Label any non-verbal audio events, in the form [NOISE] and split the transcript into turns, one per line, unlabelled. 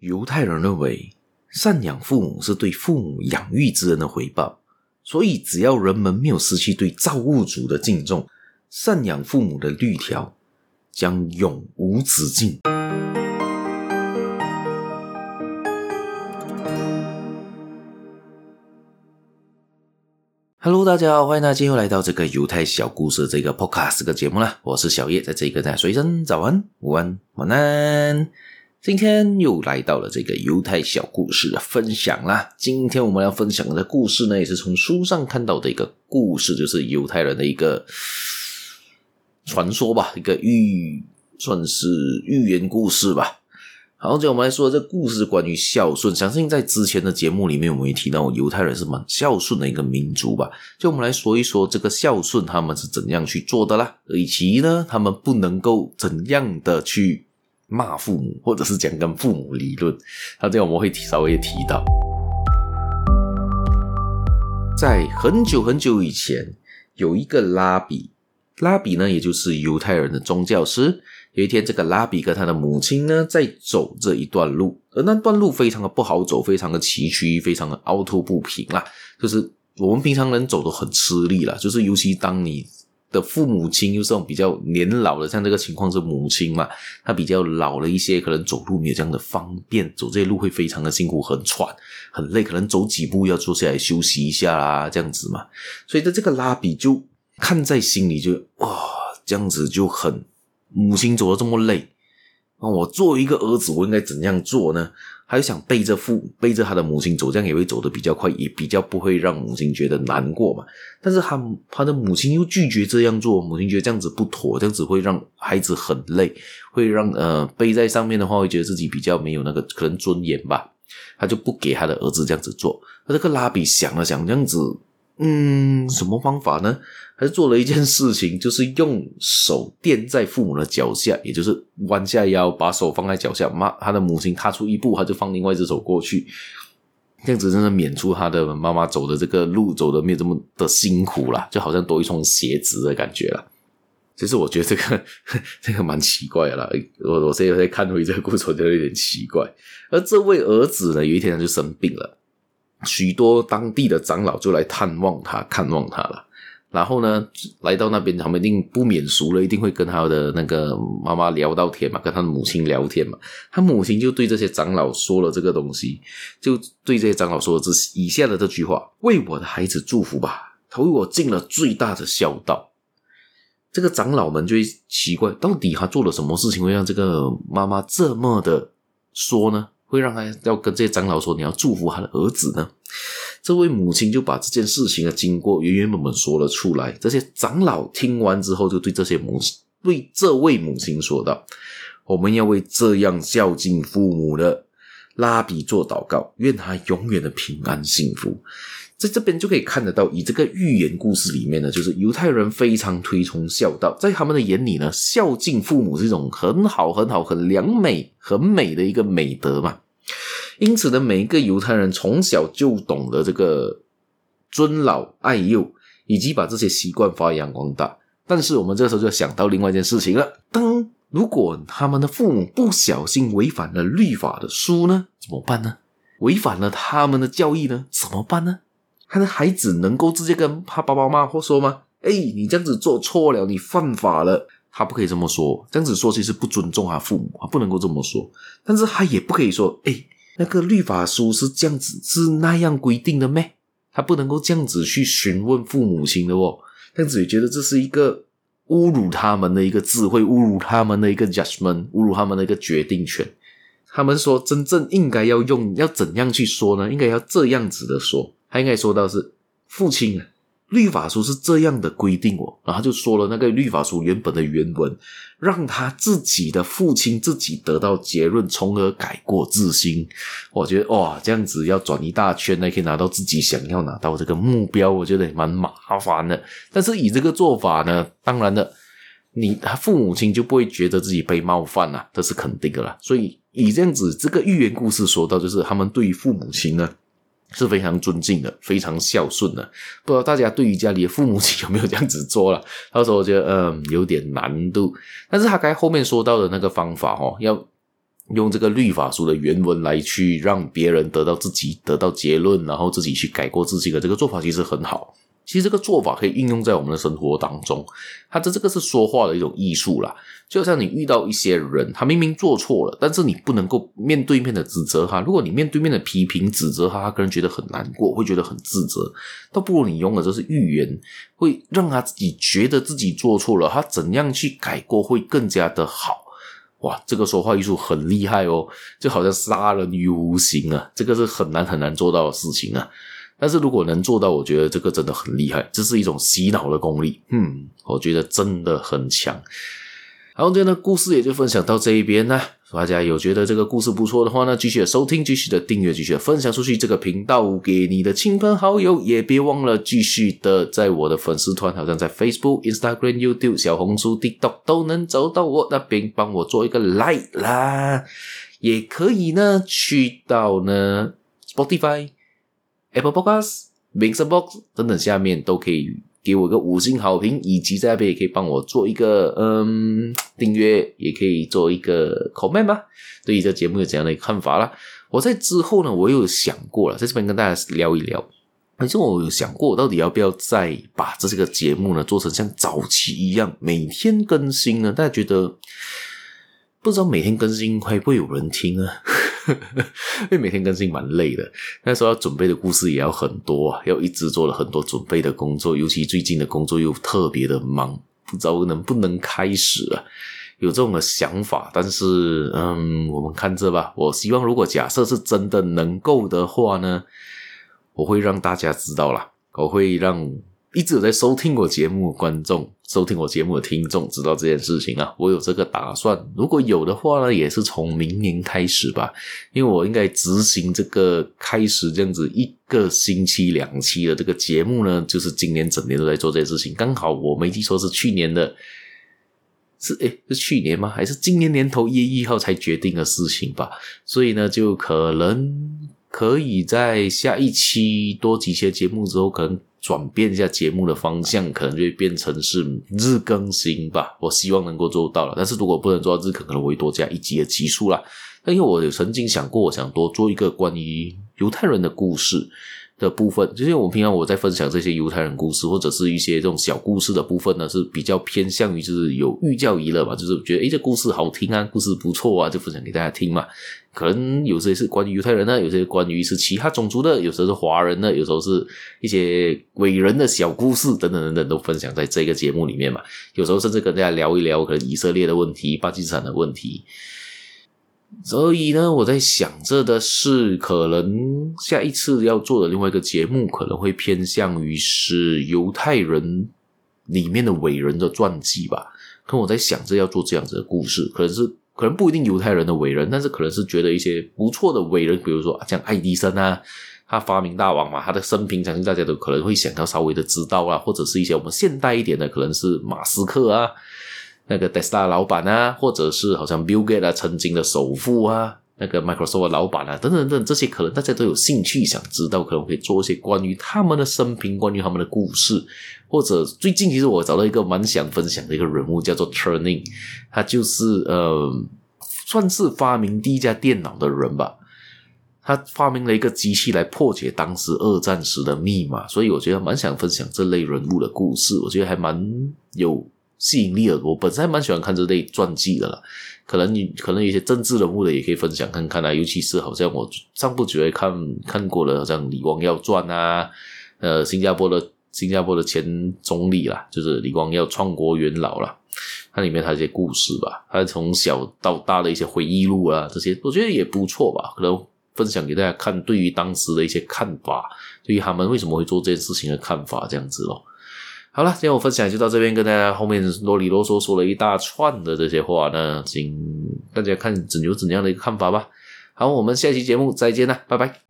猶太人認為，贍養父母是對父母養育之恩的回報，所以只要人們沒有失去對造物主的敬重，贍養父母的律條將永無止境。Hello，大家好，歡迎大家今天又來到這個猶太小故事這個 Podcast 的節目啦。我是小葉，在這裡跟大家說一聲早安、午安、晚安。今天又來到了這個猶太小故事的分享啦。今天我們要分享的故事呢，也是從書上看到的一個故事，就是猶太人的一個傳說吧，一個預算是寓言故事吧。好，就我們來說，這故事關於孝順。相信在之前的節目裡面，我們也提到猶太人是蠻孝順的一個民族吧。就我們來說一說這個孝順，他們是怎樣去做的啦，以及呢，他們不能夠怎樣的去。罵父母，或者是講跟父母理論，那、啊、這樣我們會稍微提到。在很久很久以前，有一個拉比，拉比呢，也就是猶太人的宗教師。有一天，這個拉比跟他的母親呢，在走這一段路，而那段路非常的不好走，非常的崎嶇，非常的凹凸不平啊，就是我們平常人走都很吃力啦，就是尤其當你的父母親又是比較年老的，像這個情況是母親嘛，她比較老了一些，可能走路沒有這樣的方便，走這些路會非常的辛苦，很喘，很累，可能走幾步要坐下來休息一下啦，這樣子嘛。所以在這個拉比就看在心裡就，就、哦、哇，這樣子就很，母親走得這麼累，那我作為一個兒子，我應該怎樣做呢？他就想背着父，背着他的母親走，這樣也會走得比較快，也比較不會讓母親覺得難過嘛。但是他他的母親又拒絕這樣做，母親覺得這樣子不妥，這樣子會讓孩子很累，會讓呃，背在上面的話會覺得自己比較沒有那個可能尊嚴吧。他就不給他的兒子這樣子做。他這個拉比想了想，這樣子。嗯，什麼方法呢？還是做了一件事情，就是用手墊在父母的腳下，也就是彎下腰，把手放在腳下。媽，他的母親踏出一步，他就放另外一隻手過去。這樣子真的免除他的媽媽走的這個路走的沒有這麼的辛苦了，就好像多一雙鞋子的感覺了。其實我覺得這個這個蠻奇怪了，我我現在在看回這個故事我覺得有點奇怪。而這位兒子呢，有一天他就生病了。許多當地的長老就來探望他，看望他了。然後呢，來到那邊，他們一定不免俗了，一定會跟他的那個媽媽聊到天嘛，跟他的母親聊天嘛。他母親就對這些長老說了這個東西，就對這些長老說了這以下的這句話：“為我的孩子祝福吧，他為我盡了最大的孝道。”這個長老們就會奇怪，到底他做了什麼事情，會讓這個媽媽這麼的說呢？會讓他要跟這些長老說，你要祝福他的兒子呢？這位母親就把這件事情的經過原原本本說了出來。這些長老聽完之後，就對這些母，對這位母親說道：“我們要為這樣孝敬父母的拉比做禱告，願他永遠的平安幸福。”在這邊就可以看得到，以這個寓言故事裡面呢，就是猶太人非常推崇孝道，在他們的眼裡呢，孝敬父母是一種很好、很好、很良美、很美的一個美德嘛。因此呢，每一個猶太人從小就懂得這個尊老愛幼，以及把這些習慣發揚光大。但是我們這時候就想到另外一件事情了，當如果他們的父母不小心違反了律法的書呢，怎麼辦呢？違反了他們的教義呢，怎麼辦呢？他的孩子能夠直接跟他爸爸媽媽說嗎？哎、欸，你這樣子做錯了，你犯法了。他不可以這麼說，這樣子說其實不尊重他父母，他不能夠這麼說。但是他也不可以說，哎、欸，那個律法書是這樣子，是那樣規定的咩？他不能夠這樣子去詢問父母親的哦。這樣子也覺得這是一個侮辱他們的一個智慧，侮辱他們的一個 judgment，侮辱他們的一個決定權。他們說，真正應該要用，要怎樣去說呢？應該要這樣子的說。他應該說到是父親，律法書是這樣的規定我、哦，然後他就說了那個律法書原本的原文，讓他自己的父親自己得到結論，從而改過自新。我覺得哇、哦，這樣子要轉一大圈呢，可以拿到自己想要拿到這個目標，我覺得也蠻麻煩的。但是以這個做法呢，當然了，你父母親就不會覺得自己被冒犯了、啊，這是肯定的了。所以以這樣子這個寓言故事說到，就是他們對於父母親呢。是非常尊敬的，非常孝順的。不知道大家對於家裡的父母親有沒有這樣子做了？到時候我覺得，嗯、呃，有點難度。但是他剛才後面說到的那個方法，哦，要用這個律法書的原文來去讓別人得到自己得到結論，然後自己去改過自己的這個做法，其實很好。其實這個做法可以應用在我們的生活當中，它的這，這個是說話的一種藝術啦。就好像你遇到一些人，他明明做錯了，但是你不能夠面對面的指責他。如果你面對面的批評指責他，他個人覺得很難過，會覺得很自責。倒不如你用的就是寓言，會讓他自己覺得自己做錯了，他怎樣去改過會更加的好。哇，這個說話藝術很厲害哦，就好像殺人於無形啊，這個是很難很難做到的事情啊。但是如果能做到，我覺得這個真的很厲害，這是一種洗腦的功力。嗯，我覺得真的很強。好，今天的故事也就分享到這一邊呢。大家有覺得這個故事不錯的話呢，繼續的收聽，繼續的訂閱，繼續的分享出去這個頻道給你的親朋好友，也別忘了繼續的在我的粉絲團，好像在 Facebook、Instagram、YouTube、小紅書、TikTok 都能找到我那邊，幫我做一個 Like 啦。也可以呢，去到呢 Spotify。Apple Podcast、MixerBox 等等，下面都可以給我個五星好評，以及在那邊也可以幫我做一個嗯、um, 訂閱，也可以做一個 comment 吧，對於這節目有怎樣的看法啦？我在之後呢，我有想過了，在這邊跟大家聊一聊。反正我有想過，到底要不要再把這個節目呢做成像早期一樣每天更新呢？大家覺得不知道每天更新會不會有人聽呢？呵呵， [LAUGHS] 因為每天更新蠻累的，那時候要準備的故事也要很多啊，要一直做了很多準備的工作，尤其最近的工作又特別的忙，不知道能不能開始啊？有這種的想法，但是嗯，我們看著吧。我希望如果假設是真的能夠的話呢，我會讓大家知道啦，我會讓一直有在收聽我節目的觀眾。收聽我節目的聽眾知道這件事情啊，我有這個打算。如果有的話呢，也是從明年開始吧，因為我應該執行這個開始這樣子一個星期兩期的這個節目呢，就是今年整年都在做這件事情。剛好我沒記錯是去年的，是哎是去年嗎？還是今年年頭一月一號才決定的事情吧？所以呢，就可能可以在下一期多幾期的節目之後，可能。轉變一下節目的方向，可能就會變成是日更新吧。我希望能夠做到了，但是如果不能做到日更，可能我會多加一集的集數啦。但因為我有曾經想過，我想多做一個關於猶太人的故事。的部分，就像我平常我在分享這些猶太人故事，或者是一些這種小故事的部分呢，是比較偏向於就是有寓教於樂嘛，就是覺得，哎，這故事好聽啊，故事不錯啊，就分享給大家聽嘛。可能有些是關於猶太人的，有些關於是其他種族的，有時候是華人的，有時候是一些偉人的小故事等等等等都分享在這個節目裡面嘛。有時候甚至跟大家聊一聊可能以色列的問題、巴基斯坦的問題。所以呢，我在想着的是，可能下一次要做的另外一個節目，可能會偏向於是猶太人裡面的偉人的傳記吧。跟我在想着要做這樣子的故事，可能是可能不一定猶太人的偉人，但是可能是覺得一些不錯的偉人，比如說像愛迪生啊，他發明大王嘛，他的生平相信大家都可能會想到稍微的知道啊，或者是一些我們現代一點的，可能是馬斯克啊。那個特斯拉老闆啊，或者是好像 Bill Gates 啊，曾經的首富啊，那個 Microsoft 老闆啊，等，等等等，這些可能大家都有興趣想知道，可能可以做一些關於他們的生平、關於他們的故事。或者最近其實我找到一個蠻想分享的一個人物，叫做 Turing，n 他就是呃，算是發明第一家電腦的人吧。他發明了一個機器來破解當時二戰時的密碼，所以我覺得蠻想分享這類人物的故事。我覺得還蠻有吸引力了，我本身還蠻喜歡看這類傳記的啦。可能你可能有些政治人物的也可以分享看看啊，尤其是好像我上不久也看看過了，像李光耀傳啊，呃，新加坡的新加坡的前總理啦，就是李光耀創國元老啦。它裡面他一些故事吧，他從小到大的一些回憶錄啊，這些我覺得也不錯吧，可能分享給大家看，對於當時的一些看法，對於他們為什麼會做這件事情的看法，這樣子咯。好了，今天我分享就到這邊，跟大家後面囉裡囉嗦說了一大串的這些話呢，請大家看怎有怎樣的一個看法吧。好，我們下期節目再見啦，拜拜。